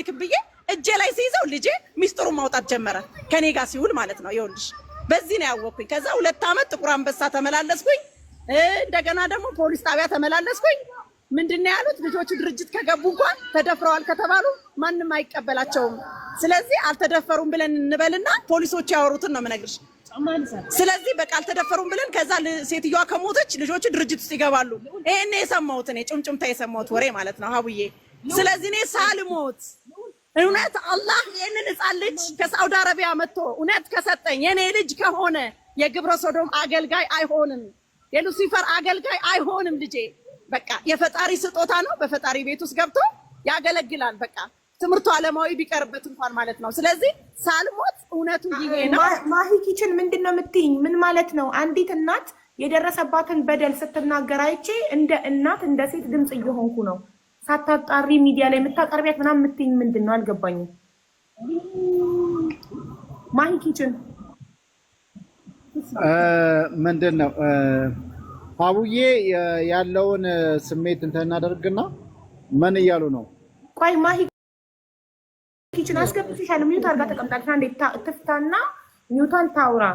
ልክ ብዬ እጄ ላይ ሲይዘው ልጄ ሚስጥሩን ማውጣት ጀመረ። ከኔ ጋር ሲውል ማለት ነው። ይኸውልሽ በዚህ ነው ያወቅኩኝ። ከዛ ሁለት ዓመት ጥቁር አንበሳ ተመላለስኩኝ። እንደገና ደግሞ ፖሊስ ጣቢያ ተመላለስኩኝ። ምንድን ነው ያሉት ልጆቹ ድርጅት ከገቡ እንኳን ተደፍረዋል ከተባሉ ማንም አይቀበላቸውም። ስለዚህ አልተደፈሩም ብለን እንበልና ፖሊሶቹ ያወሩትን ነው የምነግርሽ። ስለዚህ በቃ አልተደፈሩም ብለን ከዛ ሴትዮዋ ከሞተች ልጆቹ ድርጅት ውስጥ ይገባሉ። ይህን የሰማሁት እኔ ጭምጭምታ የሰማሁት ወሬ ማለት ነው ሀቡዬ ስለዚህ እኔ ሳልሞት እውነት አላህ ይህንን ህፃን ልጅ ከሳውዲ አረቢያ መጥቶ እውነት ከሰጠኝ የኔ ልጅ ከሆነ የግብረ ሶዶም አገልጋይ አይሆንም፣ የሉሲፈር አገልጋይ አይሆንም። ልጄ በቃ የፈጣሪ ስጦታ ነው። በፈጣሪ ቤት ውስጥ ገብቶ ያገለግላል። በቃ ትምህርቱ አለማዊ ቢቀርበት እንኳን ማለት ነው። ስለዚህ ሳልሞት እውነቱ ይሄ ነው። ማሂ ኪችን ምንድን ነው የምትይኝ? ምን ማለት ነው? አንዲት እናት የደረሰባትን በደል ስትናገር አይቼ እንደ እናት እንደ ሴት ድምፅ እየሆንኩ ነው ሳታጣሪ ሚዲያ ላይ የምታቀርቢያት ምናምን የምትይኝ ምንድን ነው አልገባኝም። ማይ ኪችን ምንድን ነው አቡዬ ያለውን ስሜት እንትን እናደርግና ምን እያሉ ነው? ቆይ ማሂ ኪችን አስገብትሻለሁ። ሚዩት አድርጋ ተቀምጣለች። አንዴ ትፍታና ሚዩታን ታውራ።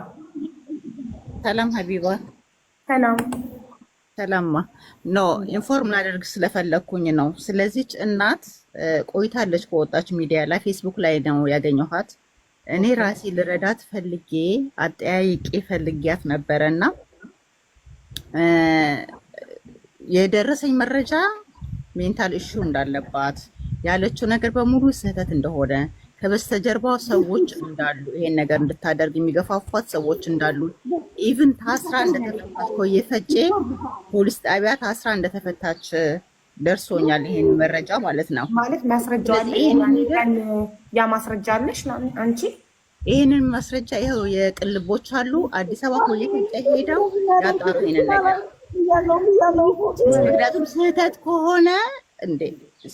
ሰላም ሀቢባ ሰላም ሰላማ ኖ ኢንፎርም ላደርግ ስለፈለግኩኝ ነው። ስለዚች እናት ቆይታለች ከወጣች ሚዲያ ላይ ፌስቡክ ላይ ነው ያገኘኋት። እኔ ራሴ ልረዳት ፈልጌ አጠያይቄ ፈልጊያት ነበረ እና የደረሰኝ መረጃ ሜንታል ኢሹ እንዳለባት ያለችው ነገር በሙሉ ስህተት እንደሆነ ከበስተጀርባ ሰዎች እንዳሉ ይሄን ነገር እንድታደርግ የሚገፋፏት ሰዎች እንዳሉ ኢቭን ታስራ እንደተፈታች ኮየፈጬ ፖሊስ ጣቢያ ታስራ እንደተፈታች ደርሶኛል። ይሄን መረጃ ማለት ነው ማለት ማስረጃ ያ ማስረጃ አለሽ አንቺ ይህንን ማስረጃ ይኸው የቅልቦች አሉ። አዲስ አበባ ኮየፈጬ ሄደው ያጣሩ ይሄንን ነገር ምክንያቱም ስህተት ከሆነ እንዴ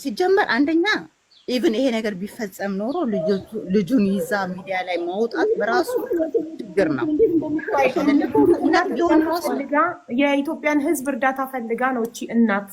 ሲጀመር አንደኛ ኢቭን ይሄ ነገር ቢፈጸም ኖሮ ልጁን ይዛ ሚዲያ ላይ ማውጣት በራሱ ችግር ነው። የኢትዮጵያን ሕዝብ እርዳታ ፈልጋ ነው እቺ እናት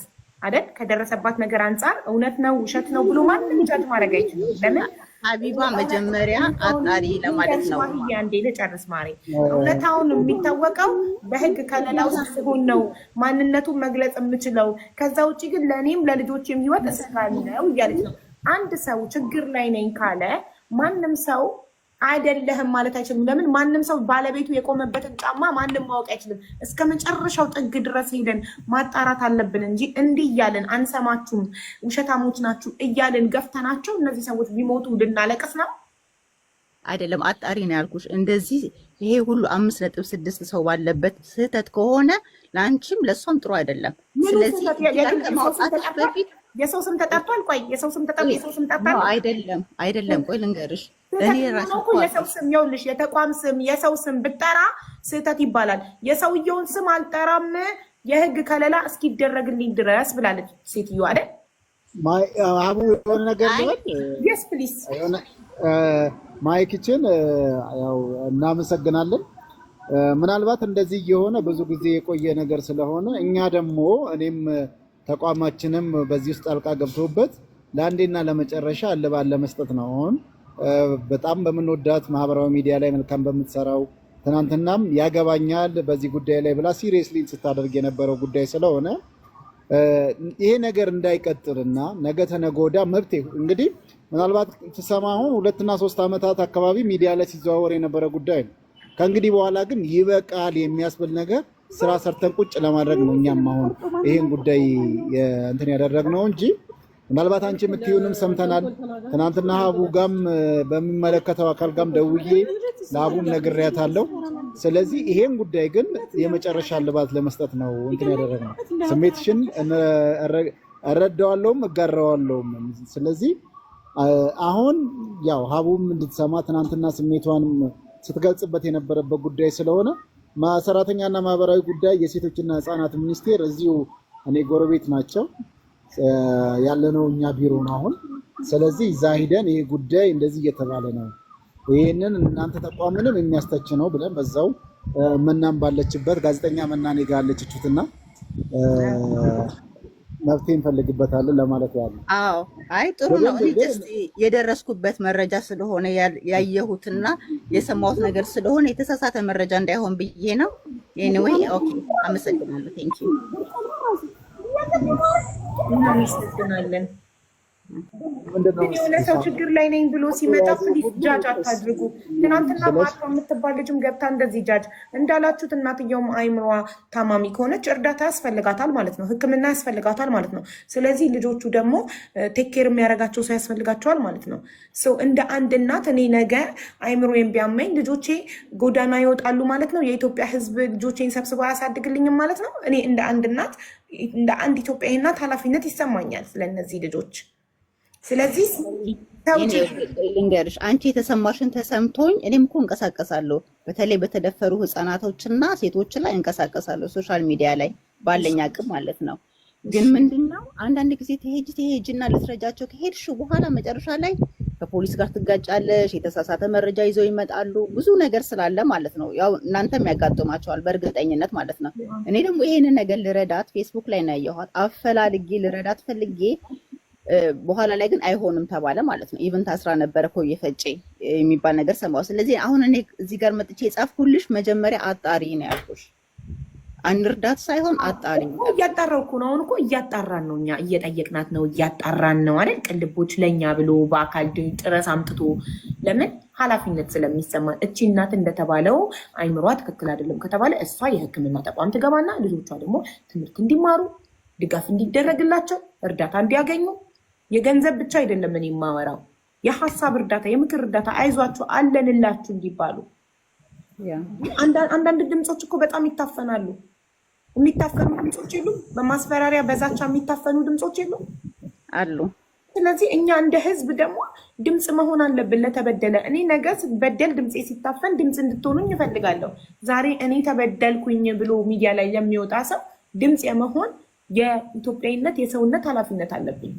አይደል? ከደረሰባት ነገር አንጻር እውነት ነው ውሸት ነው ብሎ ማንም ጃጅ ማድረግ አይችልም። ለምን ሀቢባ መጀመሪያ አጣሪ ለማለት ነው። አንዴ ልጨርስ ማሬ። እውነታውን የሚታወቀው በህግ ከለላ ሲሆን ነው ማንነቱን መግለጽ የምችለው። ከዛ ውጭ ግን ለእኔም ለልጆች የሚወጥ እያለች ነው አንድ ሰው ችግር ላይ ነኝ ካለ ማንም ሰው አይደለህም ማለት አይችልም። ለምን ማንም ሰው ባለቤቱ የቆመበትን ጫማ ማንም ማወቅ አይችልም። እስከ መጨረሻው ጥግ ድረስ ሄደን ማጣራት አለብን እንጂ እንዲህ እያለን አንሰማችሁም፣ ውሸታሞች ናችሁ እያለን ገፍተናቸው እነዚህ ሰዎች ቢሞቱ ልናለቅስ ነው? አይደለም። አጣሪ ነው ያልኩሽ። እንደዚህ ይሄ ሁሉ አምስት ነጥብ ስድስት ሰው ባለበት ስህተት ከሆነ ለአንቺም ለእሷም ጥሩ አይደለም። ስለዚህ ከማውጣት በፊት የሰው ስም ተጠርቷል። ቆይ የሰው ስም የሰው ስም አይደለም አይደለም። ቆይ ልንገርሽ፣ የሰው ስም ይኸውልሽ፣ የተቋም ስም የሰው ስም ብጠራ ስህተት ይባላል። የሰውየውን ስም አልጠራም የህግ ከለላ እስኪደረግልኝ ድረስ ብላለች ሴትዮ አይደል? አቡ የሆነ ነገር ስ ፕሊስ ማይክችን ያው እናመሰግናለን። ምናልባት እንደዚህ እየሆነ ብዙ ጊዜ የቆየ ነገር ስለሆነ እኛ ደግሞ እኔም ተቋማችንም በዚህ ውስጥ ጣልቃ ገብቶበት ለአንዴና ለመጨረሻ እልባት ለመስጠት ነው። አሁን በጣም በምንወዳት ማህበራዊ ሚዲያ ላይ መልካም በምትሰራው ትናንትናም ያገባኛል በዚህ ጉዳይ ላይ ብላ ሲሪየስሊ ስታደርግ የነበረው ጉዳይ ስለሆነ ይሄ ነገር እንዳይቀጥልና ነገ ተነጎዳ መብት እንግዲህ ምናልባት ስሰማ አሁን ሁለትና ሶስት ዓመታት አካባቢ ሚዲያ ላይ ሲዘዋወር የነበረ ጉዳይ ነው። ከእንግዲህ በኋላ ግን ይበቃል የሚያስብል ነገር ስራ ሰርተን ቁጭ ለማድረግ ነው። እኛም አሁን ይህን ጉዳይ እንትን ያደረግነው እንጂ ምናልባት አንቺ የምትዩንም ሰምተናል። ትናንትና ሀቡ ጋም በሚመለከተው አካል ጋም ደውዬ ለሀቡም ነግሬያታለሁ። ስለዚህ ይሄን ጉዳይ ግን የመጨረሻ ልባት ለመስጠት ነው እንትን ያደረግነው። ስሜትሽን እረዳዋለሁም እጋራዋለሁም። ስለዚህ አሁን ያው ሀቡም እንድትሰማ ትናንትና ስሜቷንም ስትገልጽበት የነበረበት ጉዳይ ስለሆነ ሰራተኛና ማህበራዊ ጉዳይ የሴቶችና ህፃናት ሚኒስቴር እዚሁ እኔ ጎረቤት ናቸው ያለነው እኛ ቢሮ ነው አሁን። ስለዚህ እዛ ሂደን ይሄ ጉዳይ እንደዚህ እየተባለ ነው፣ ይህንን እናንተ ተቋምንም የሚያስተች ነው ብለን በዛው መናም ባለችበት ጋዜጠኛ መናኔ ጋር መፍትሄ እንፈልግበታለን ለማለት ያለ። አዎ አይ ጥሩ ነው። የደረስኩበት መረጃ ስለሆነ ያየሁትና የሰማሁት ነገር ስለሆነ የተሳሳተ መረጃ እንዳይሆን ብዬ ነው። ኤኒዌይ ኦኬ፣ አመሰግናለሁ። ቴንኪው። እናመሰግናለን። ለሰው ችግር ላይ ነኝ ብሎ ሲመጣ ፕሊዝ ጃጅ አታድርጉ። ትናንትና ማርፎ የምትባል ልጅም ገብታ እንደዚህ ጃጅ እንዳላችሁት፣ እናትየውም አይምሯ ታማሚ ከሆነች እርዳታ ያስፈልጋታል ማለት ነው፣ ሕክምና ያስፈልጋታል ማለት ነው። ስለዚህ ልጆቹ ደግሞ ቴኬር የሚያደርጋቸው ሰው ያስፈልጋቸዋል ማለት ነው። እንደ አንድ እናት እኔ ነገ አይምሮዬን ቢያመኝ ልጆቼ ጎዳና ይወጣሉ ማለት ነው። የኢትዮጵያ ሕዝብ ልጆቼን ሰብስቦ አያሳድግልኝም ማለት ነው። እኔ እንደ አንድ እናት እንደ አንድ ኢትዮጵያዊ እናት ኃላፊነት ይሰማኛል ስለነዚህ ልጆች ስለዚህ ልንገርሽ አንቺ የተሰማሽን ተሰምቶኝ እኔም እኮ እንቀሳቀሳለሁ። በተለይ በተደፈሩ ህጻናቶችና ሴቶች ላይ እንቀሳቀሳለሁ፣ ሶሻል ሚዲያ ላይ ባለኝ አቅም ማለት ነው። ግን ምንድነው አንዳንድ ጊዜ ትሄጅ ትሄጅና ልትረጃቸው ከሄድሽ በኋላ መጨረሻ ላይ ከፖሊስ ጋር ትጋጫለሽ። የተሳሳተ መረጃ ይዘው ይመጣሉ። ብዙ ነገር ስላለ ማለት ነው። ያው እናንተም ያጋጥማቸዋል በእርግጠኝነት ማለት ነው። እኔ ደግሞ ይሄንን ነገር ልረዳት ፌስቡክ ላይ ነው ያየኋት። አፈላልጌ ልረዳት ፈልጌ በኋላ ላይ ግን አይሆንም ተባለ ማለት ነው። ኢቨን ታስራ ነበረ እኮ እየፈጨ የሚባል ነገር ሰማሁ። ስለዚህ አሁን እኔ እዚህ ጋር መጥቼ የጻፍኩልሽ መጀመሪያ አጣሪ ነው ያልኩሽ፣ አንርዳት ሳይሆን አጣሪ እያጣራው እኮ ነው። አሁን እኮ እያጣራን ነው፣ እኛ እየጠየቅናት ነው፣ እያጣራን ነው አይደል? ቅልቦች ለእኛ ብሎ በአካል ጥረስ አምጥቶ ለምን ኃላፊነት ስለሚሰማ እቺ እናት እንደተባለው አይምሯ ትክክል አይደለም ከተባለ እሷ የሕክምና ተቋም ትገባና ልጆቿ ደግሞ ትምህርት እንዲማሩ ድጋፍ እንዲደረግላቸው እርዳታ እንዲያገኙ የገንዘብ ብቻ አይደለም እኔ የማወራው የሀሳብ እርዳታ፣ የምክር እርዳታ አይዟችሁ አለንላችሁ እንዲባሉ። አንዳንድ ድምፆች እኮ በጣም ይታፈናሉ። የሚታፈኑ ድምፆች የሉም? በማስፈራሪያ በዛቻ የሚታፈኑ ድምፆች የሉም አሉ። ስለዚህ እኛ እንደ ህዝብ ደግሞ ድምፅ መሆን አለብን ለተበደለ። እኔ ነገ ስበደል ድምፄ ሲታፈን ድምፅ እንድትሆኑኝ እፈልጋለሁ። ዛሬ እኔ ተበደልኩኝ ብሎ ሚዲያ ላይ የሚወጣ ሰው ድምፅ የመሆን የኢትዮጵያዊነት የሰውነት ኃላፊነት አለብኝ።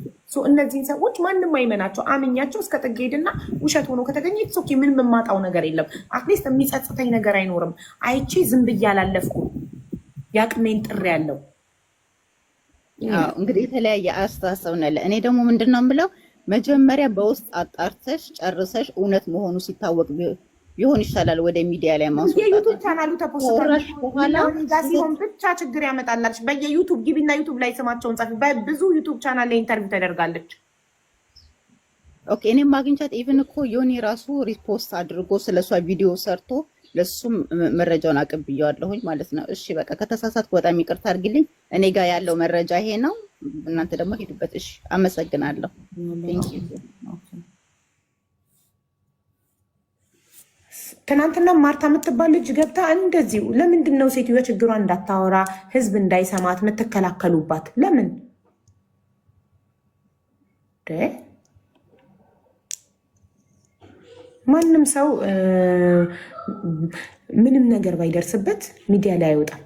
እነዚህን ሰዎች ማንም አይመናቸው አምኛቸው እስከ ጥግ ሄድና ውሸት ሆኖ ከተገኘ ሶኬ ምን የምማጣው ነገር የለም። አትሊስት የሚጸጽተኝ ነገር አይኖርም። አይቼ ዝም ብዬ አላለፍኩ የአቅሜን ጥሪ ያለው እንግዲህ የተለያየ አስተሳሰብ ነው ያለ። እኔ ደግሞ ምንድን ነው የምለው መጀመሪያ በውስጥ አጣርተሽ ጨርሰሽ እውነት መሆኑ ሲታወቅ ቢሆን ይሻላል ወደ ሚዲያ ላይ ማውጣት። የዩቱብ ቻናሉ ተፖስቷል በኋላ ሲሆን ብቻ ችግር ያመጣላች በየዩቱብ ግቢና ዩቱብ ላይ ስማቸውን ጻፊ። በብዙ ዩቱብ ቻናል ላይ ኢንተርቪው ተደርጋለች። ኦኬ እኔም ማግኝቻት ኢቭን እኮ ዮኒ ራሱ ሪፖስት አድርጎ ስለሷ ቪዲዮ ሰርቶ ለሱም መረጃውን አቅብየዋለሁኝ ማለት ነው። እሺ በቃ ከተሳሳትኩ በጣም ይቅርታ አድርግልኝ። እኔ ጋር ያለው መረጃ ይሄ ነው። እናንተ ደግሞ ሄዱበት። እሺ አመሰግናለሁ። ትናንትና ማርታ የምትባል ልጅ ገብታ እንደዚሁ ለምንድን ነው ሴትዮ ችግሯን እንዳታወራ ህዝብ እንዳይሰማት የምትከላከሉባት? ለምን ማንም ሰው ምንም ነገር ባይደርስበት ሚዲያ ላይ አይወጣም።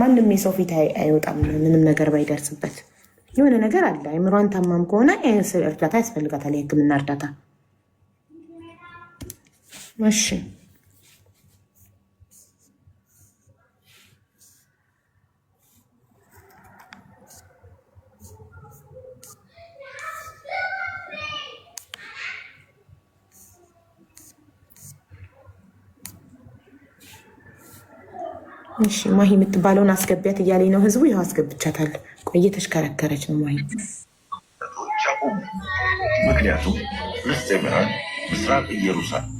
ማንም የሰው ፊት አይወጣም። ምንም ነገር ባይደርስበት የሆነ ነገር አለ። አይምሯን ታማም ከሆነ እርዳታ ያስፈልጋታል፣ የህክምና እርዳታ እሺ እሺ ማሂ የምትባለውን አስገቢያት እያለኝ ነው ህዝቡ። ይኸው አስገብቻታል። ቆይ እየተሽከረከረች ነው ማሂ። ምክንያቱም ምስራቅ ኢየሩሳሌም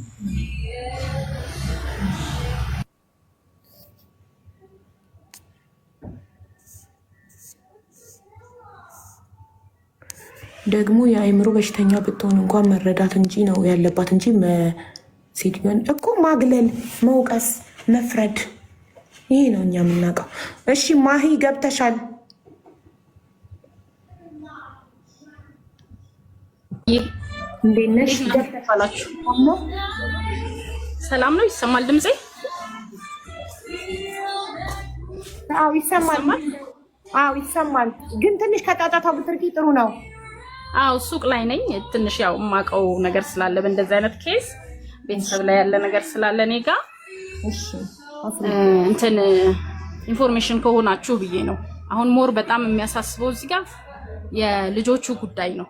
ደግሞ የአእምሮ በሽተኛ ብትሆን እንኳን መረዳት እንጂ ነው ያለባት እንጂ ሴትዮን እኮ ማግለል፣ መውቀስ፣ መፍረድ ይሄ ነው እኛ የምናውቀው። እሺ ማሂ ገብተሻል? እንዴት ነሽ? ገብተሻላችሁ? ሰላም ነው? ይሰማል ድምጼ? አዎ ይሰማል። አዎ ይሰማል። ግን ትንሽ ከጣጣታው ብትርቂ ጥሩ ነው። አዎ ሱቅ ላይ ነኝ። ትንሽ ያው የማውቀው ነገር ስላለ በእንደዚህ አይነት ኬስ ቤተሰብ ላይ ያለ ነገር ስላለ እኔ ጋ እንትን ኢንፎርሜሽን ከሆናችሁ ብዬ ነው። አሁን ሞር በጣም የሚያሳስበው እዚህ ጋር የልጆቹ ጉዳይ ነው።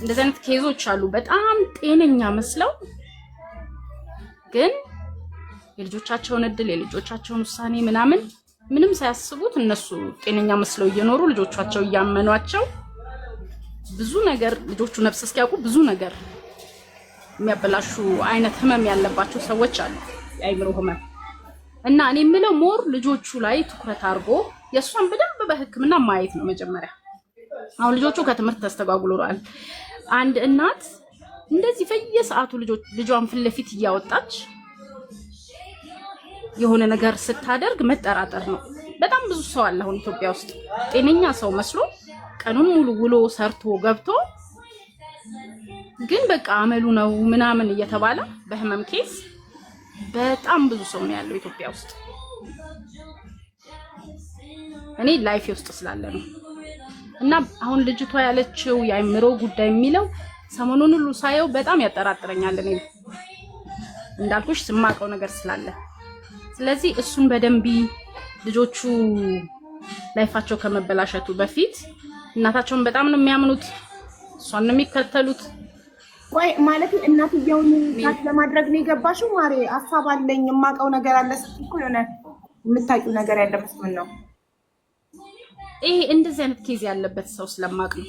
እንደዚህ አይነት ኬዞች አሉ። በጣም ጤነኛ መስለው ግን የልጆቻቸውን እድል የልጆቻቸውን ውሳኔ ምናምን ምንም ሳያስቡት እነሱ ጤነኛ መስለው እየኖሩ ልጆቻቸው እያመኗቸው ብዙ ነገር ልጆቹ ነፍስ እስኪያውቁ ብዙ ነገር የሚያበላሹ አይነት ህመም ያለባቸው ሰዎች አሉ፣ የአይምሮ ህመም እና እኔ የምለው ሞር ልጆቹ ላይ ትኩረት አድርጎ የእሷን በደንብ በህክምና ማየት ነው መጀመሪያ። አሁን ልጆቹ ከትምህርት ተስተጓጉለዋል። አንድ እናት እንደዚህ በየሰዓቱ ልጇን ፊት ለፊት እያወጣች የሆነ ነገር ስታደርግ መጠራጠር ነው። በጣም ብዙ ሰው አለ አሁን ኢትዮጵያ ውስጥ ጤነኛ ሰው መስሎ ቀኑን ሙሉ ውሎ ሰርቶ ገብቶ ግን በቃ አመሉ ነው ምናምን እየተባለ በህመም ኬስ በጣም ብዙ ሰው ነው ያለው ኢትዮጵያ ውስጥ። እኔ ላይፌ ውስጥ ስላለ ነው። እና አሁን ልጅቷ ያለችው የአይምሮ ጉዳይ የሚለው ሰሞኑን ሁሉ ሳየው በጣም ያጠራጥረኛል። እኔ እንዳልኩሽ ስማቀው ነገር ስላለ ስለዚህ እሱን በደንብ ልጆቹ ላይፋቸው ከመበላሸቱ በፊት እናታቸውን በጣም ነው የሚያምኑት፣ እሷን ነው የሚከተሉት። ቆይ ማለት እናትየውን ታት ለማድረግ ነው የገባሽው? ማሬ ሀሳብ አለኝ የማውቀው ነገር አለ ስትኩ እኮ የሆነ የምታውቂው ነገር ያለበት ምን ነው። ይሄ እንደዚህ አይነት ኬዝ ያለበት ሰው ስለማውቅ ነው።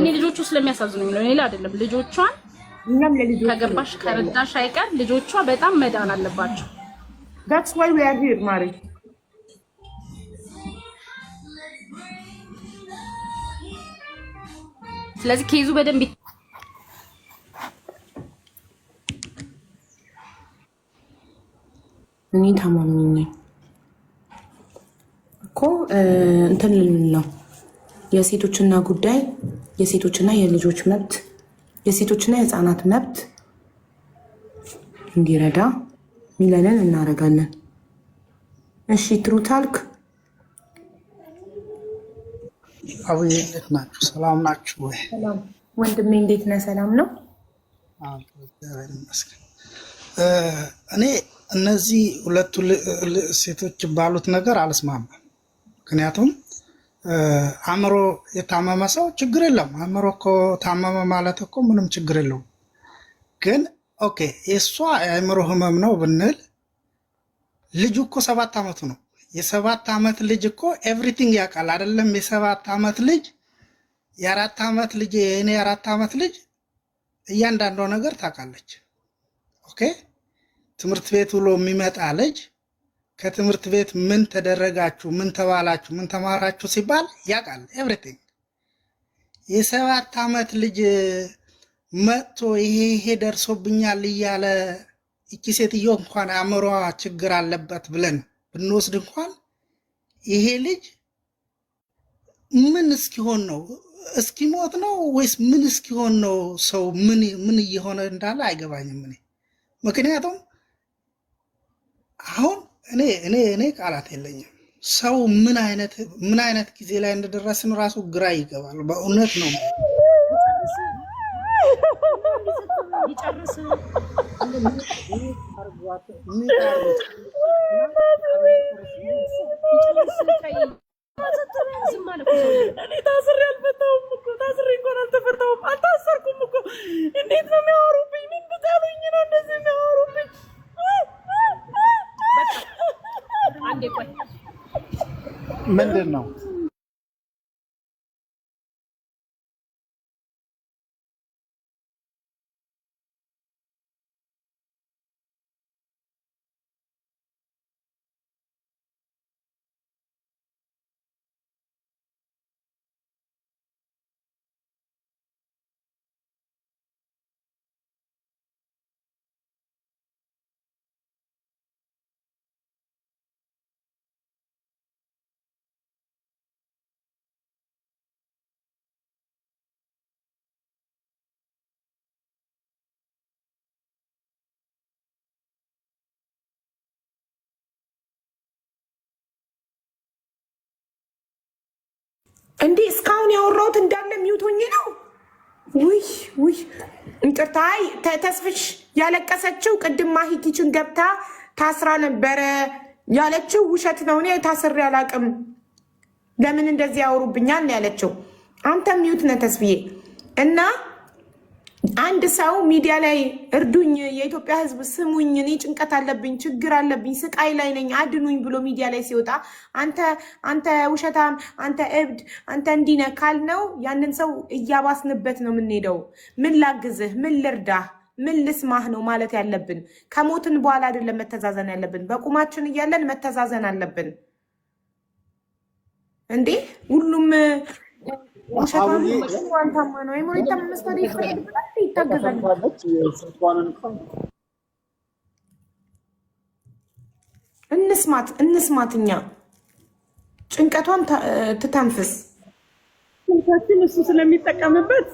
እኔ ልጆቹ ስለሚያሳዝኑ ነው፣ ሌላ አይደለም። ልጆቿን ከገባሽ ከረዳሽ አይቀር ልጆቿ በጣም መዳን አለባቸው። that's why we are here ማሬ ስለዚህ ኬዙ በደንብ እኔ ታማሚ ነኝ እኮ እንትን ነው የሴቶችና ጉዳይ የሴቶችና የልጆች መብት የሴቶችና የህፃናት መብት እንዲረዳ ሚለንን እናደርጋለን። እሺ ትሩታልክ አብዬ እንዴት ናችሁ? ሰላም ናችሁ ወይ? ወንድሜ እንዴት ነህ? ሰላም ነው። እኔ እነዚህ ሁለቱ ሴቶች ባሉት ነገር አልስማማም። ምክንያቱም አእምሮ የታመመ ሰው ችግር የለም። አእምሮ እኮ ታመመ ማለት እኮ ምንም ችግር የለውም። ግን ኦኬ የእሷ የአእምሮ ህመም ነው ብንል ልጁ እኮ ሰባት ዓመቱ ነው። የሰባት ዓመት ልጅ እኮ ኤቭሪቲንግ ያውቃል አይደለም? የሰባት ዓመት ልጅ የአራት ዓመት ልጅ የእኔ የአራት ዓመት ልጅ እያንዳንዷ ነገር ታውቃለች። ኦኬ ትምህርት ቤት ውሎ የሚመጣ ልጅ ከትምህርት ቤት ምን ተደረጋችሁ፣ ምን ተባላችሁ፣ ምን ተማራችሁ ሲባል ያውቃል ኤቭሪቲንግ። የሰባት ዓመት ልጅ መጥቶ ይሄ ይሄ ደርሶብኛል እያለ እቺ ሴትዮ እንኳን አእምሯ ችግር አለበት ብለን ብንወስድ እንኳን ይሄ ልጅ ምን እስኪሆን ነው? እስኪሞት ነው ወይስ ምን እስኪሆን ነው? ሰው ምን እየሆነ እንዳለ አይገባኝም እኔ ምክንያቱም አሁን እኔ እኔ እኔ ቃላት የለኝም። ሰው ምን አይነት ምን አይነት ጊዜ ላይ እንደደረስን ራሱ ግራ ይገባል። በእውነት ነው። እኔ ታስሬ አልፈታሁም እኮ ታስሬ እንኳን አልተፈታሁም፣ አልታሰርኩም እኮ። እንዴት ነው የሚያወሩብኝ? ምን ብታሉኝ ነው እንደዚህ የሚያወሩብኝ? ምንድን ነው እንዴ እስካሁን ያወራሁት እንዳለ የሚውቶኝ ነው። ውይ ውይ ይቅርታ። ተስፍሽ ያለቀሰችው ቅድም ማሂ ኪችን ገብታ ታስራ ነበረ ያለችው ውሸት ነው። እኔ ታስሬ አላቅም። ለምን እንደዚህ ያወሩብኛል ያለችው አንተ ሚዩት ነህ ተስፍዬ እና አንድ ሰው ሚዲያ ላይ እርዱኝ፣ የኢትዮጵያ ሕዝብ ስሙኝ፣ እኔ ጭንቀት አለብኝ፣ ችግር አለብኝ፣ ስቃይ ላይ ነኝ፣ አድኑኝ ብሎ ሚዲያ ላይ ሲወጣ አንተ አንተ ውሸታም፣ አንተ እብድ፣ አንተ እንዲነ ካልነው ያንን ሰው እያባስንበት ነው የምንሄደው። ምን ላግዝህ፣ ምን ልርዳህ፣ ምን ልስማህ ነው ማለት ያለብን። ከሞትን በኋላ አይደለም መተዛዘን ያለብን፣ በቁማችን እያለን መተዛዘን አለብን እንዴ ሁሉም እንስማት እንስማት፣ እኛ ጭንቀቷን ትተንፍስ። ስልካችን እሱ ስለሚጠቀምበት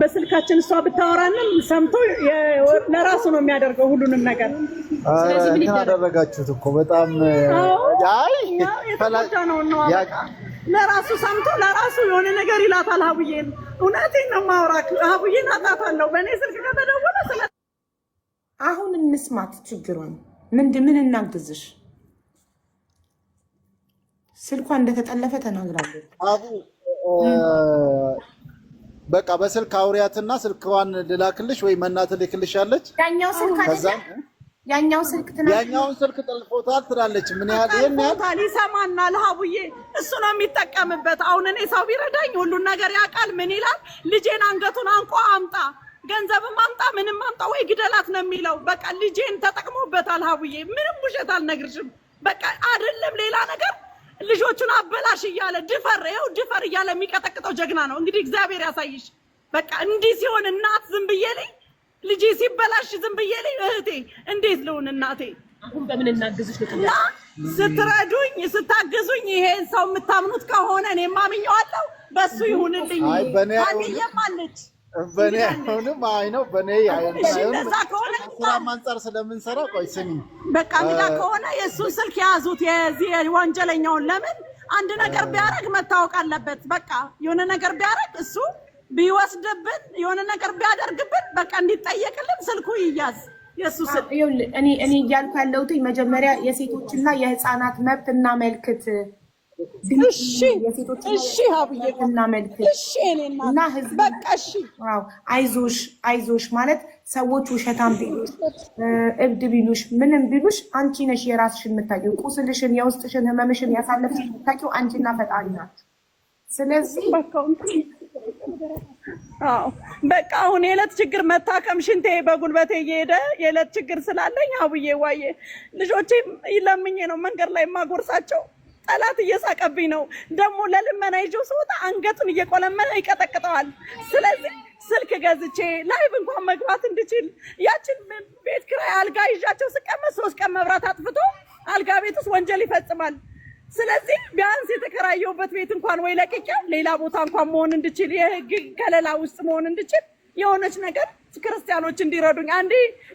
በስልካችን እሷ ብታወራንም ሰምቶ ለራሱ ነው የሚያደርገው ሁሉንም ነገር። ስለዚህ ምን ይደረጋችሁት እኮ በጣም ነው ለራሱ ሰምቶ ለራሱ የሆነ ነገር ይላታል። ሀቡዬን እውነቴን ነው የማወራክ። ሀቡዬን አጣታለሁ በእኔ ስልክ ከተደወለ ስለ አሁን እንስማት ችግሯን ምንድ ምን እናግዝሽ? ስልኳ እንደተጠለፈ ተናግራለች። በቃ በስልክ አውሪያትና ስልክዋን ልላክልሽ ወይ መናት ልክልሻለች ያኛው ስልክ ያኛው ስልክ ትናንት ያኛውን ስልክ ጠልፎታል ትላለች። ምን ያህል ይሄን ያህል ይሰማናል። ለሀቡዬ እሱ ነው የሚጠቀምበት። አሁን እኔ ሰው ቢረዳኝ ሁሉን ነገር ያውቃል። ምን ይላል? ልጄን አንገቱን አንቆ አምጣ፣ ገንዘብም አምጣ፣ ምንም አምጣ ወይ ግደላት ነው የሚለው። በቃ ልጄን ተጠቅሞበታል። ሀቡዬ ምንም ውሸት አልነግርሽም። በቃ አይደለም ሌላ ነገር ልጆቹን አበላሽ እያለ ድፈር፣ ይኸው ድፈር እያለ የሚቀጠቅጠው ጀግና ነው። እንግዲህ እግዚአብሔር ያሳይሽ። በቃ እንዲህ ሲሆን እናት ዝም ብዬ ልኝ ልጄ ሲበላሽ ዝም ብዬ ልኝ እህቴ እንዴት ልሁን እናቴ? አሁን በምን እናግዝሽ? ስትረዱኝ ስታግዙኝ ይሄን ሰው የምታምኑት ከሆነ እኔ ማምኘዋለሁ። በሱ ይሁንልኝ። አንየማለች በኔ አሁንም አይ ነው በኔ አይሆንዛ ከሆነ አንጻር ስለምንሰራ ቆይ ስሚ በቃ ሚዳ ከሆነ የእሱን ስልክ የያዙት የዚህ ወንጀለኛውን ለምን አንድ ነገር ቢያደርግ መታወቅ አለበት። በቃ የሆነ ነገር ቢያደርግ እሱ ቢወስድብን የሆነ ነገር ቢያደርግብን በቃ እንዲጠየቅልን ስልኩ ይያዝ። እኔ እኔ እያልኩ ያለሁት መጀመሪያ የሴቶችና የህፃናት መብት እናመልክት አይዞሽ አይዞሽ ማለት ሰዎች ውሸታም ቢሉሽ እብድ ቢሉሽ ምንም ቢሉሽ አንቺ ነሽ የራስሽን የምታውቂው። ቁስልሽን፣ የውስጥሽን ህመምሽን ያሳለፍሽ የምታውቂው አንቺና ፈጣሪ ናት። ስለዚህ አዎ በቃ አሁን የዕለት ችግር መታከም ሽንቴ በጉልበቴ እየሄደ የዕለት ችግር ስላለኝ አቡዬ ዋዬ ልጆቼም ይለምኝ ነው መንገድ ላይ የማጎርሳቸው። ጠላት እየሳቀብኝ ነው። ደግሞ ለልመና ይዤው ስወጣ አንገቱን እየቆለመነ ይቀጠቅጠዋል። ስለዚህ ስልክ ገዝቼ ላይቭ እንኳን መግባት እንድችል ያችን ቤት ክራይ አልጋ ይዣቸው ስቀመጥ ሶስት ቀን መብራት አጥፍቶ አልጋ ቤት ውስጥ ወንጀል ይፈጽማል። ስለዚህ ቢያንስ የተከራየሁበት ቤት እንኳን ወይ ለቅቄ ሌላ ቦታ እንኳን መሆን እንድችል የህግ ከለላ ውስጥ መሆን እንድችል የሆነች ነገር ክርስቲያኖች እንዲረዱኝ። አንዴ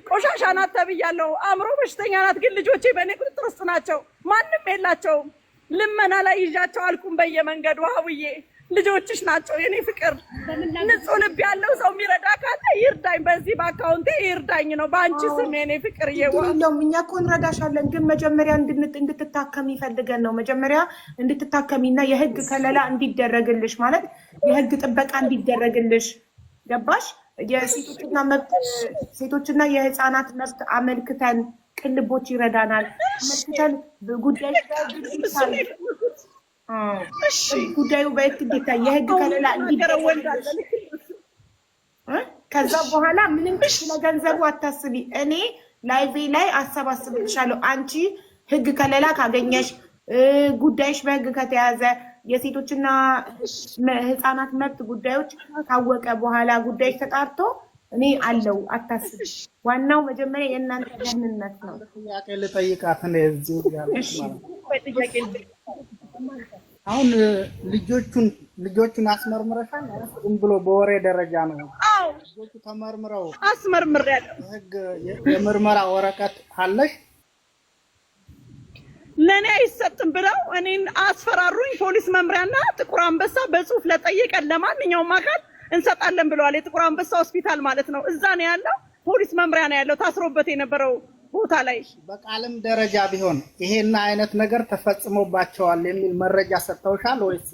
ቆሻሻ ናት ተብያለሁ፣ አእምሮ በሽተኛ ናት፣ ግን ልጆቼ በእኔ ቁጥጥር ውስጥ ናቸው፣ ማንም የላቸውም። ልመና ላይ ይዣቸው አልኩም በየመንገዱ ሀውዬ ልጆችሽ ናቸው የኔ ፍቅር። ንጹህ ልብ ያለው ሰው የሚረዳ ካለ ይርዳኝ፣ በዚህ በአካውንቴ ይርዳኝ ነው በአንቺ ስም የኔ ፍቅር። የለውም እኛ እኮ እንረዳሻለን፣ ግን መጀመሪያ እንድትታከሚ ይፈልገን ነው መጀመሪያ እንድትታከሚ እና የህግ ከለላ እንዲደረግልሽ ማለት የህግ ጥበቃ እንዲደረግልሽ ገባሽ? የሴቶችና መብት ሴቶችና የህፃናት መብት አመልክተን ቅልቦች ይረዳናል አመልክተን ጉዳይ ጉዳዩ በህግ እንዲታይ የህግ ከለላ እንዲደረግልሽ ከዛ በኋላ ምንም ስለገንዘቡ አታስቢ። እኔ ላይቬ ላይ አሰባስብልሻለሁ። አንቺ ህግ ከሌላ ካገኘሽ ጉዳዮች በህግ ከተያዘ የሴቶችና ህፃናት መብት ጉዳዮች ካወቀ በኋላ ጉዳዮች ተጣርቶ እኔ አለው አታስብ። ዋናው መጀመሪያ የእናንተ ደህንነት ነው። አሁን ልጆቹን ልጆቹን አስመርምረሻል? ዝም ብሎ በወሬ ደረጃ ነው ተመርምረው አስመርምሬያለሁ። የምርመራ ወረቀት አለሽ? ለእኔ አይሰጥም ብለው እኔን አስፈራሩኝ። ፖሊስ መምሪያና ጥቁር አንበሳ በጽሁፍ ለጠየቀን ለማንኛውም አካል እንሰጣለን ብለዋል። የጥቁር አንበሳ ሆስፒታል ማለት ነው። እዛ ነው ያለው። ፖሊስ መምሪያ ነው ያለው ታስሮበት የነበረው ቦታ ላይ በቃልም ደረጃ ቢሆን ይሄን አይነት ነገር ተፈጽሞባቸዋል የሚል መረጃ ሰጥተውሻል ወይስ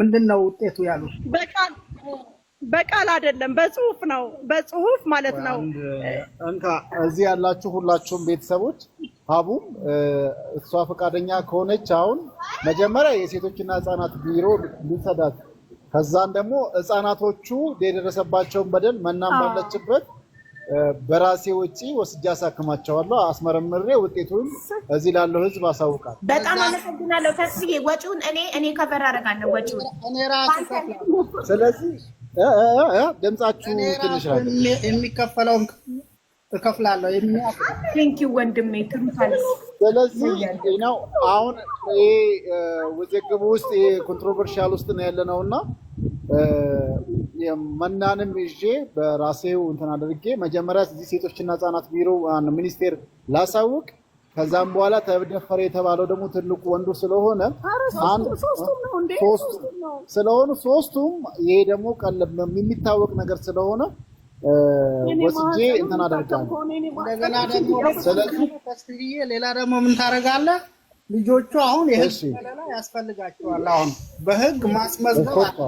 ምንድን ነው ውጤቱ ያሉት? በቃል በቃል አይደለም፣ በጽሁፍ ነው። በጽሁፍ ማለት ነው። እንካ እዚህ ያላችሁ ሁላችሁም ቤተሰቦች ሀቡም እሷ ፈቃደኛ ከሆነች አሁን መጀመሪያ የሴቶችና ህጻናት ቢሮ ሊሰዳት፣ ከዛን ደግሞ ህጻናቶቹ የደረሰባቸውን በደል መናም ባለችበት በራሴ ወጪ ወስጄ አሳክማቸዋለሁ። አስመረምሬ ውጤቱን እዚህ ላለው ህዝብ አሳውቃል። በጣም አመሰግናለሁ ተስዬ። ወጪውን እኔ እኔ ከበር አደርጋለሁ ወጪውን እኔ ራሴ። ስለዚህ ድምጻችሁ ትንሽ የሚከፈለውን እከፍላለሁ። ቴንኪው ወንድሜ ትሩፋል። ስለዚህ ነው አሁን ይሄ ውዝግብ ውስጥ ይሄ ኮንትሮቨርሻል ውስጥ ነው ያለ ነው እና መናንም ይዤ በራሴው እንትን አድርጌ መጀመሪያ እዚህ ሴቶችና ህጻናት ቢሮ ሚኒስቴር ላሳውቅ ከዛም በኋላ ተደፈረ የተባለው ደግሞ ትልቁ ወንዱ ስለሆነ ስለሆኑ ሶስቱም ይሄ ደግሞ ቀለብ የሚታወቅ ነገር ስለሆነ ወስጄ እንትን አደርጋለሁ። እንደገና ደግሞ ሌላ ደግሞ ምን ታደርጋለህ? ልጆቹ አሁን የህግ ያስፈልጋቸዋል። አሁን በህግ ማስመዝገብ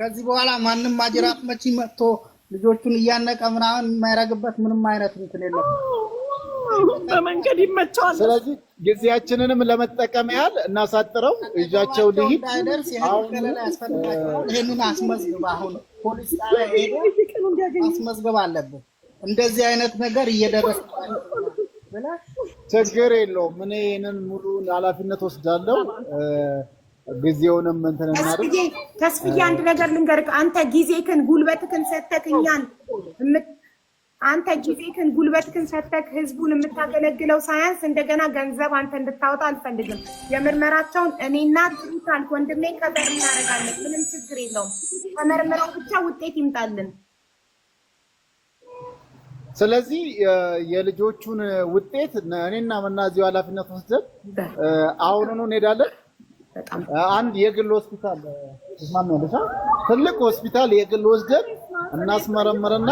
ከዚህ በኋላ ማንም ማጅራት መቺ መጥቶ ልጆቹን እያነቀ ምናምን የማይረግበት ምንም አይነት እንትን የለም። በመንገድ ይመቸዋል። ስለዚህ ጊዜያችንንም ለመጠቀም ያህል እናሳጥረው። እጃቸው ልሂድ ይህንን አስመዝግብ። አሁን ፖሊስ ጣቢያ አስመዝግብ አለብህ። እንደዚህ አይነት ነገር እየደረሰ ችግር የለውም። እኔ ይህንን ሙሉ ኃላፊነት ወስዳለሁ። ጊዜውንም እንትን ተስፍዬ አንድ ነገር ልንገርህ። አንተ ጊዜህን ጉልበትህን ሰተህ እኛን አንተ ጊዜህን ጉልበትህን ሰተህ ህዝቡን የምታገለግለው ሳያንስ እንደገና ገንዘብ አንተ እንድታወጣ አልፈልግም። የምርመራቸውን እኔና ትሩታል ወንድሜ ከበር እናደርጋለን። ምንም ችግር የለውም። ከመርምረው ብቻ ውጤት ይምጣልን። ስለዚህ የልጆቹን ውጤት እኔና መናዚው ኃላፊነት ወስደን አሁኑኑ እንሄዳለን። አንድ የግል ሆስፒታል ትልቅ ሆስፒታል የግል ወስደን እናስመረምርና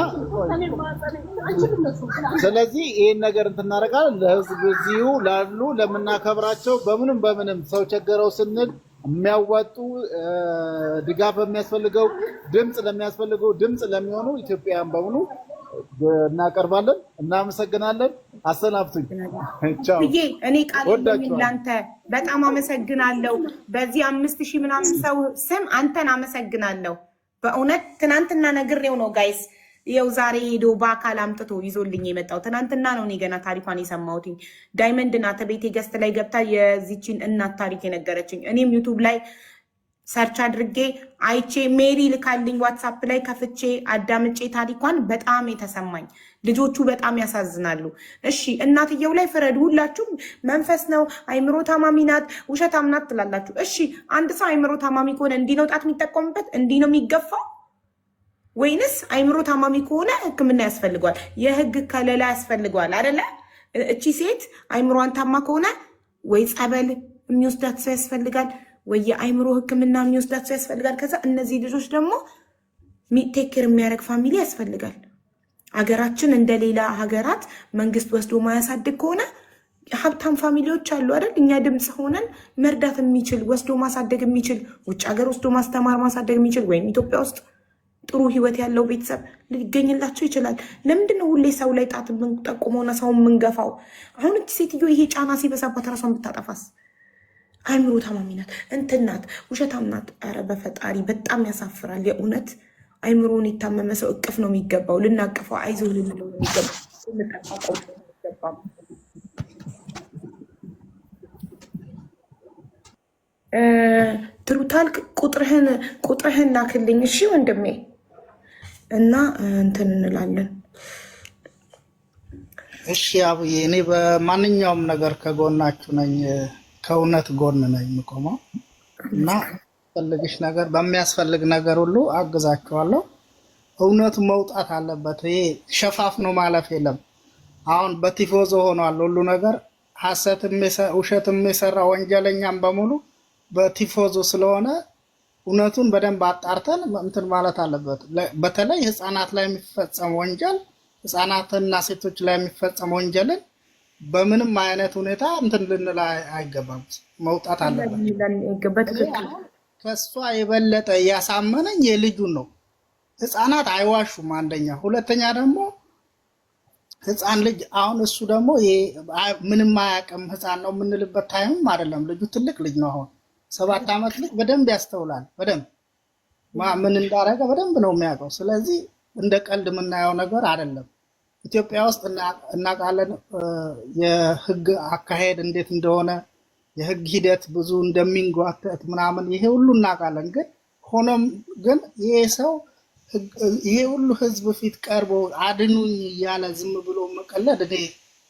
ስለዚህ ይህን ነገር እናደርጋለን ለህዝብ እዚሁ ላሉ ለምናከብራቸው በምንም በምንም ሰው ቸገረው ስንል የሚያዋጡ ድጋፍ በሚያስፈልገው ድምፅ ለሚያስፈልገው ድምፅ ለሚሆኑ ኢትዮጵያውያን በሙሉ እናቀርባለን። እናመሰግናለን። አሰናብቱኝ። እኔ ቃል ለአንተ በጣም አመሰግናለሁ። በዚህ አምስት ሺህ ምናምን ሰው ስም አንተን አመሰግናለሁ። በእውነት ትናንትና ነግሬው ነው ጋይስ። የው ዛሬ ሄዶ በአካል አምጥቶ ይዞልኝ የመጣው ትናንትና ነው። እኔ ገና ታሪኳን የሰማሁትኝ ዳይመንድ ናት። ቤቴ ገስት ላይ ገብታ የዚችን እናት ታሪክ የነገረችኝ እኔም ዩቱብ ላይ ሰርች አድርጌ አይቼ ሜሪ ልካልኝ ዋትሳፕ ላይ ከፍቼ አዳምጬ ታሪኳን በጣም የተሰማኝ ልጆቹ በጣም ያሳዝናሉ። እሺ እናትየው ላይ ፍረዱ። ሁላችሁም መንፈስ ነው አይምሮ ታማሚ ናት፣ ውሸታም ናት ትላላችሁ። እሺ አንድ ሰው አይምሮ ታማሚ ከሆነ እንዲህ ነው ጣት የሚጠቀሙበት እንዲህ ነው የሚገፋው ወይንስ አይምሮ ታማሚ ከሆነ ሕክምና ያስፈልገዋል፣ የህግ ከለላ ያስፈልገዋል አደለ? እቺ ሴት አይምሮን ታማ ከሆነ ወይ ጸበል የሚወስዳት ሰው ያስፈልጋል ወይ የአይምሮ ሕክምና የሚወስዳት ሰው ያስፈልጋል። ከዛ እነዚህ ልጆች ደግሞ ቴክር የሚያደርግ ፋሚሊ ያስፈልጋል። ሀገራችን እንደ ሌላ ሀገራት መንግስት ወስዶ ማያሳድግ ከሆነ ሀብታም ፋሚሊዎች አሉ አይደል? እኛ ድምፅ ሆነን መርዳት የሚችል ወስዶ ማሳደግ የሚችል ውጭ ሀገር ወስዶ ማስተማር ማሳደግ የሚችል ወይም ኢትዮጵያ ውስጥ ጥሩ ህይወት ያለው ቤተሰብ ሊገኝላቸው ይችላል። ነው ሁሌ ሰው ላይ ጣት የምንጠቁመውና ሰው የምንገፋው? አሁን ሴትዮ ይሄ ጫና ሲበዛባት ራሷን ብታጠፋስ አይምሮ ታማሚ ናት፣ እንትን ናት፣ ውሸታም ናት። ኧረ በፈጣሪ በጣም ያሳፍራል። የእውነት አይምሮውን የታመመ ሰው እቅፍ ነው የሚገባው። ልናቅፈው፣ አይዞህ ልንለው ትሩታል ቁጥርህን ቁጥርህን ላክልኝ እሺ ወንድሜ። እና እንትን እንላለን እሺ አብዬ፣ እኔ በማንኛውም ነገር ከጎናችሁ ነኝ። ከእውነት ጎን ነው የምቆመው እና ፈልግሽ ነገር በሚያስፈልግ ነገር ሁሉ አግዛቸዋለሁ። እውነቱ መውጣት አለበት። ይሄ ሸፋፍኖ ማለፍ የለም። አሁን በቲፎዞ ሆኗል ሁሉ ነገር። ሐሰት ውሸት የሚሰራ ወንጀለኛም በሙሉ በቲፎዞ ስለሆነ እውነቱን በደንብ አጣርተን እንትን ማለት አለበት። በተለይ ህፃናት ላይ የሚፈጸም ወንጀል ህፃናትና ሴቶች ላይ የሚፈጸም ወንጀልን በምንም አይነት ሁኔታ እንትን ልንላ አይገባም። መውጣት አለበት። ከእሷ የበለጠ እያሳመነኝ የልጁን ነው። ህፃናት አይዋሹም። አንደኛ፣ ሁለተኛ ደግሞ ህፃን ልጅ አሁን እሱ ደግሞ ምንም አያውቅም ህፃን ነው የምንልበት ታይምም አይደለም። ልጁ ትልቅ ልጅ ነው። አሁን ሰባት ዓመት ልጅ በደንብ ያስተውላል። በደንብ ምን እንዳረገ በደንብ ነው የሚያውቀው። ስለዚህ እንደ ቀልድ የምናየው ነገር አይደለም። ኢትዮጵያ ውስጥ እናውቃለን የህግ አካሄድ እንዴት እንደሆነ የህግ ሂደት ብዙ እንደሚንጓተት ምናምን ይሄ ሁሉ እናውቃለን። ግን ሆኖም ግን ይሄ ሰው ይሄ ሁሉ ህዝብ ፊት ቀርቦ አድኑኝ እያለ ዝም ብሎ መቀለድ እኔ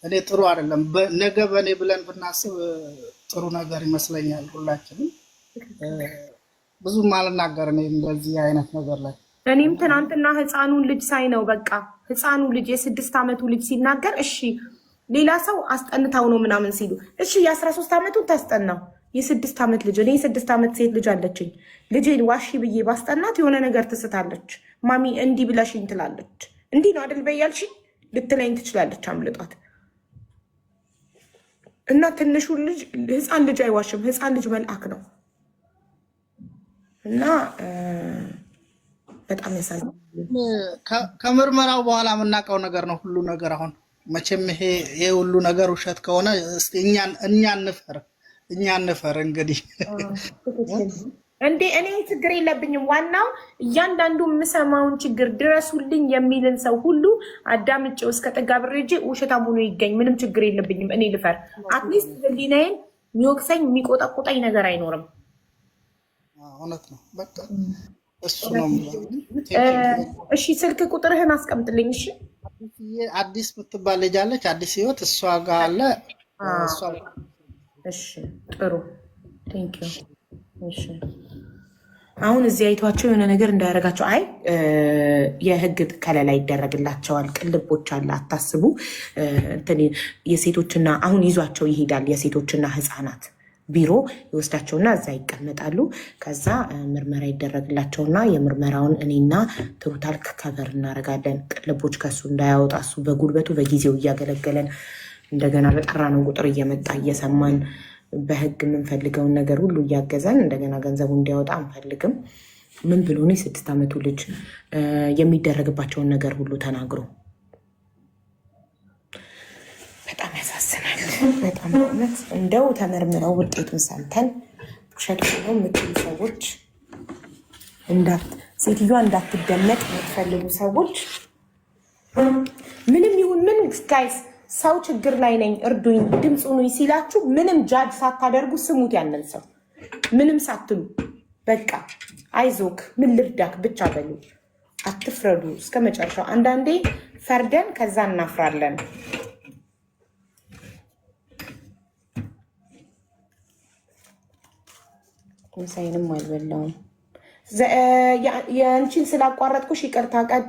እኔ ጥሩ አይደለም። ነገ በእኔ ብለን ብናስብ ጥሩ ነገር ይመስለኛል። ሁላችንም ብዙም አልናገር እኔ እንደዚህ አይነት ነገር ላይ እኔም ትናንትና ህፃኑን ልጅ ሳይ ነው በቃ ህፃኑ ልጅ የስድስት ዓመቱ ልጅ ሲናገር እሺ ሌላ ሰው አስጠንታው ነው ምናምን ሲሉ እሺ የአስራ ሶስት ዓመቱን ታስጠናው የስድስት ዓመት ልጅ እኔ የስድስት ዓመት ሴት ልጅ አለችኝ ልጄን ዋሺ ብዬ ባስጠናት የሆነ ነገር ትስታለች ማሚ እንዲህ ብለሽኝ ትላለች እንዲህ ነው አደል በያልሽኝ ልትለኝ ትችላለች አምልጧት እና ትንሹ ልጅ ህፃን ልጅ አይዋሽም ህፃን ልጅ መልአክ ነው እና በጣም ያሳዝናል። ከምርመራው በኋላ የምናውቀው ነገር ነው ሁሉ ነገር። አሁን መቼም ይሄ ይሄ ሁሉ ነገር ውሸት ከሆነ እስኪ እኛ እንፈር እኛ እንፈር። እንግዲህ እንዴ እኔ ችግር የለብኝም። ዋናው እያንዳንዱ የምሰማውን ችግር ድረሱልኝ የሚልን ሰው ሁሉ አዳምጬው እስከ ጥጋ ብሬጅ ውሸታም ሆኖ ይገኝ። ምንም ችግር የለብኝም። እኔ ልፈር። አትሊስት ህሊናዬን የሚወቅሰኝ የሚቆጠቁጠኝ ነገር አይኖርም። እውነት ነው በቃ እሺ ስልክ ቁጥርህን አስቀምጥልኝ። እሺ አዲስ ምትባል ልጅ አለች፣ አዲስ ህይወት እሷ ጋር አለ። እሺ ጥሩ ቴንክ ዩ። እሺ አሁን እዚህ አይቷቸው የሆነ ነገር እንዳያደርጋቸው። አይ የህግ ከለላ ይደረግላቸዋል። ቅልቦች አለ አታስቡ። የሴቶችና አሁን ይዟቸው ይሄዳል የሴቶችና ህፃናት ቢሮ ይወስዳቸውና እዛ ይቀመጣሉ። ከዛ ምርመራ ይደረግላቸውና የምርመራውን እኔና ትሩታልክ ከበር እናደርጋለን። ቅልቦች ከሱ እንዳያወጣ እሱ በጉልበቱ በጊዜው እያገለገለን እንደገና በጠራነው ቁጥር እየመጣ እየሰማን በህግ የምንፈልገውን ነገር ሁሉ እያገዘን እንደገና ገንዘቡ እንዲያወጣ አንፈልግም። ምን ብሎ እኔ የስድስት ዓመቱ ልጅ የሚደረግባቸውን ነገር ሁሉ ተናግሮ በጣም ያሳ በጣም በእውነት እንደው ተመርምረው ውጤቱን ሰምተን ውሸት ነው የምትሉ ሰዎች ሴትዮዋ እንዳትደመጥ የምትፈልጉ ሰዎች ምንም ይሁን ምን ጋይስ፣ ሰው ችግር ላይ ነኝ እርዱኝ፣ ድምፅ ኑኝ ሲላችሁ ምንም ጃጅ ሳታደርጉ ስሙት ያንን ሰው ምንም ሳትሉ በቃ አይዞክ ምን ልርዳክ ብቻ በሉ። አትፍረዱ እስከ መጨረሻው። አንዳንዴ ፈርደን ከዛ እናፍራለን። ምሳዬንም አልበላውም። የአንቺን ስላቋረጥኩሽ ይቅርታ ቀጥ